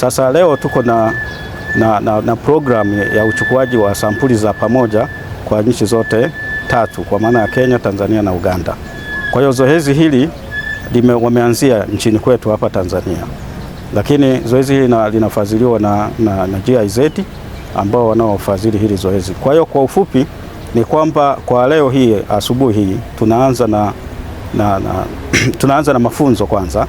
Sasa leo tuko na, na, na, na programu ya uchukuaji wa sampuli za pamoja kwa nchi zote tatu kwa maana ya Kenya, Tanzania na Uganda. Kwa hiyo zoezi hili lime, wameanzia nchini kwetu hapa Tanzania, lakini zoezi hili linafadhiliwa na, na, na GIZ ambao wanaofadhili hili zoezi. Kwa hiyo kwa ufupi ni kwamba kwa leo hii asubuhi hii tunaanza na, na, na, tunaanza na mafunzo kwanza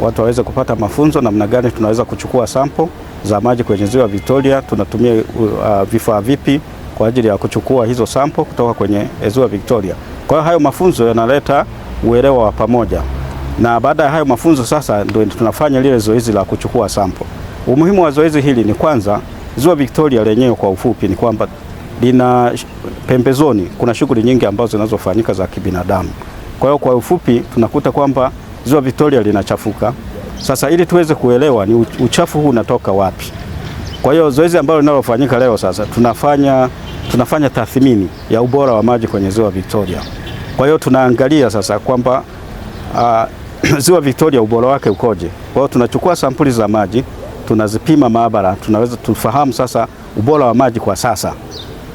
watu waweze kupata mafunzo namna gani tunaweza kuchukua sampo za maji kwenye ziwa Victoria, tunatumia uh, vifaa vipi kwa ajili ya kuchukua hizo sampo kutoka kwenye eh, ziwa Victoria. Kwa hiyo hayo mafunzo yanaleta uelewa wa pamoja, na baada ya hayo mafunzo sasa ndio tunafanya lile zoezi la kuchukua sampo. Umuhimu wa zoezi hili ni kwanza, ziwa Victoria lenyewe kwa ufupi ni kwamba lina pembezoni kuna shughuli nyingi ambazo zinazofanyika za kibinadamu. Kwa hiyo kwa ufupi tunakuta kwamba Ziwa Victoria linachafuka. Sasa ili tuweze kuelewa ni uchafu huu unatoka wapi. Kwa hiyo zoezi ambalo linalofanyika leo sasa, tunafanya tunafanya tathmini ya ubora wa maji kwenye Ziwa Victoria. Kwa hiyo tunaangalia sasa kwamba uh, Ziwa Victoria ubora wake ukoje. Kwa hiyo tunachukua sampuli za maji tunazipima maabara, tunaweza tufahamu sasa ubora wa maji kwa sasa.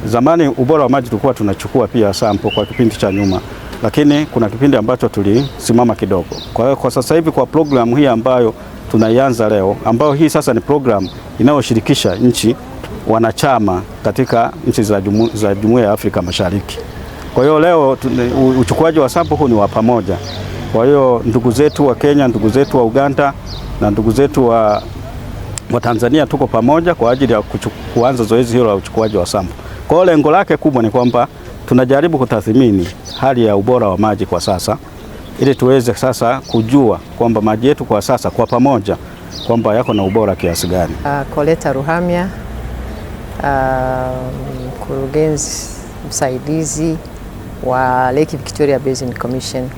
Zamani ubora wa maji tulikuwa tunachukua pia sampo kwa kipindi cha nyuma, lakini kuna kipindi ambacho tulisimama kidogo. Kwa hiyo kwa sasa hivi kwa programu hii ambayo tunaianza leo, ambayo hii sasa ni programu inayoshirikisha nchi wanachama katika nchi za Jumuiya jumu ya Afrika Mashariki. Kwa hiyo leo uchukuaji wa sampo huu ni wa pamoja. Kwa hiyo ndugu zetu wa Kenya, ndugu zetu wa Uganda na ndugu zetu wa, wa Tanzania tuko pamoja kwa ajili ya kuanza zoezi hilo la uchukuaji wa sampo. Kwa hiyo lengo lake kubwa ni kwamba tunajaribu kutathmini hali ya ubora wa maji kwa sasa ili tuweze sasa kujua kwamba maji yetu kwa sasa kwa pamoja kwamba yako na ubora kiasi gani. Uh, Koleta Ruhamya uh, ah, mkurugenzi msaidizi wa Lake Victoria Basin Commission.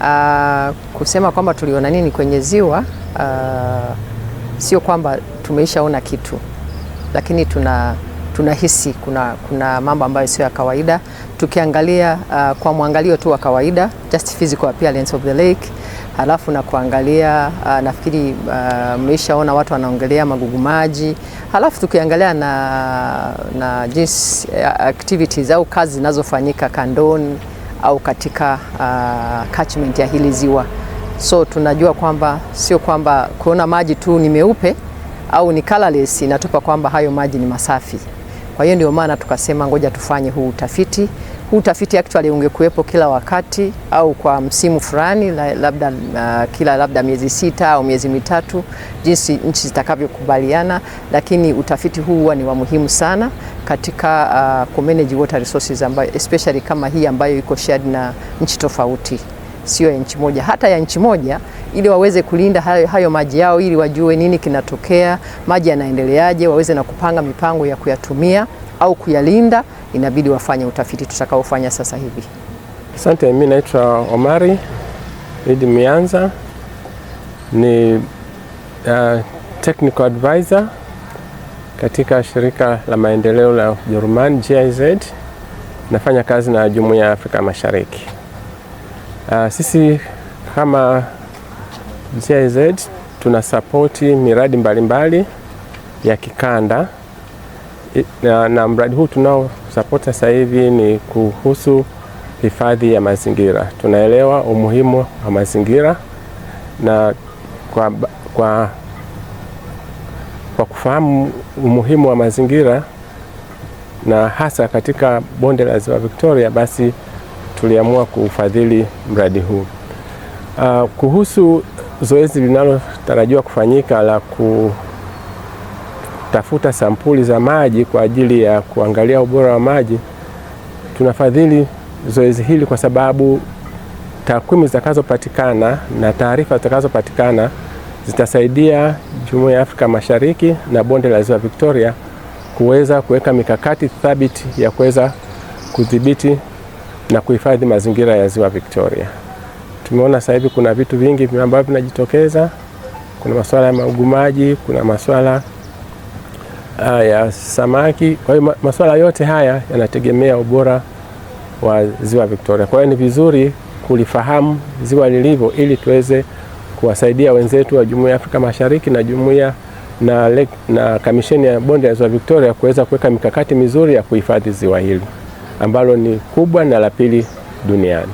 Uh, kusema kwamba tuliona nini kwenye ziwa uh, sio kwamba tumeishaona kitu, lakini tuna tunahisi kuna, kuna mambo ambayo sio ya kawaida. Tukiangalia uh, kwa mwangalio tu wa kawaida just physical appearance of the lake, halafu na kuangalia uh, nafikiri uh, mlishaona watu wanaongelea magugu maji, halafu tukiangalia na, na jinsi uh, activities au kazi zinazofanyika kandoni au katika uh, catchment ya hili ziwa. So tunajua kwamba sio kwamba kuona maji tu ni meupe au ni colorless inatupa kwamba hayo maji ni masafi. Kwa hiyo ndio maana tukasema ngoja tufanye huu utafiti. Huu utafiti actually ungekuwepo kila wakati au kwa msimu fulani labda, uh, kila labda miezi sita au miezi mitatu, jinsi nchi zitakavyokubaliana, lakini utafiti huu huwa ni wa muhimu sana katika uh, kumanage water resources ambayo especially kama hii ambayo iko shared na nchi tofauti sio ya nchi moja, hata ya nchi moja, ili waweze kulinda hayo, hayo maji yao, ili wajue nini kinatokea, maji yanaendeleaje, waweze na kupanga mipango ya kuyatumia au kuyalinda. Inabidi wafanye utafiti tutakaofanya sasa hivi. Asante. Mimi naitwa Omari Idi Mianza, ni uh, technical advisor katika shirika la maendeleo la Ujerumani GIZ. Nafanya kazi na jumuiya ya Afrika Mashariki. Uh, sisi kama GIZ tuna sapoti miradi mbalimbali mbali ya kikanda na, na mradi huu tunao sapoti sasa hivi ni kuhusu hifadhi ya mazingira. Tunaelewa umuhimu wa mazingira na kwa, kwa, kwa kufahamu umuhimu wa mazingira na hasa katika bonde la Ziwa Victoria basi tuliamua kufadhili mradi huu. Uh, kuhusu zoezi linalotarajiwa kufanyika la kutafuta sampuli za maji kwa ajili ya kuangalia ubora wa maji, tunafadhili zoezi hili kwa sababu takwimu zitakazopatikana na taarifa zitakazopatikana zitasaidia Jumuiya ya Afrika Mashariki na bonde la Ziwa Victoria kuweza kuweka mikakati thabiti ya kuweza kudhibiti na kuhifadhi mazingira ya ziwa Victoria. Tumeona sasa hivi kuna vitu vingi ambavyo vinajitokeza. Kuna masuala ya maugumaji, kuna masuala uh, ya samaki. Kwa hiyo masuala yote haya yanategemea ubora wa ziwa Victoria. Kwa hiyo ni vizuri kulifahamu ziwa lilivyo, ili tuweze kuwasaidia wenzetu wa Jumuiya ya Afrika Mashariki na jumuiya na, na kamisheni ya bonde ya ziwa Victoria kuweza kuweka mikakati mizuri ya kuhifadhi ziwa hili ambalo ni kubwa na la pili duniani.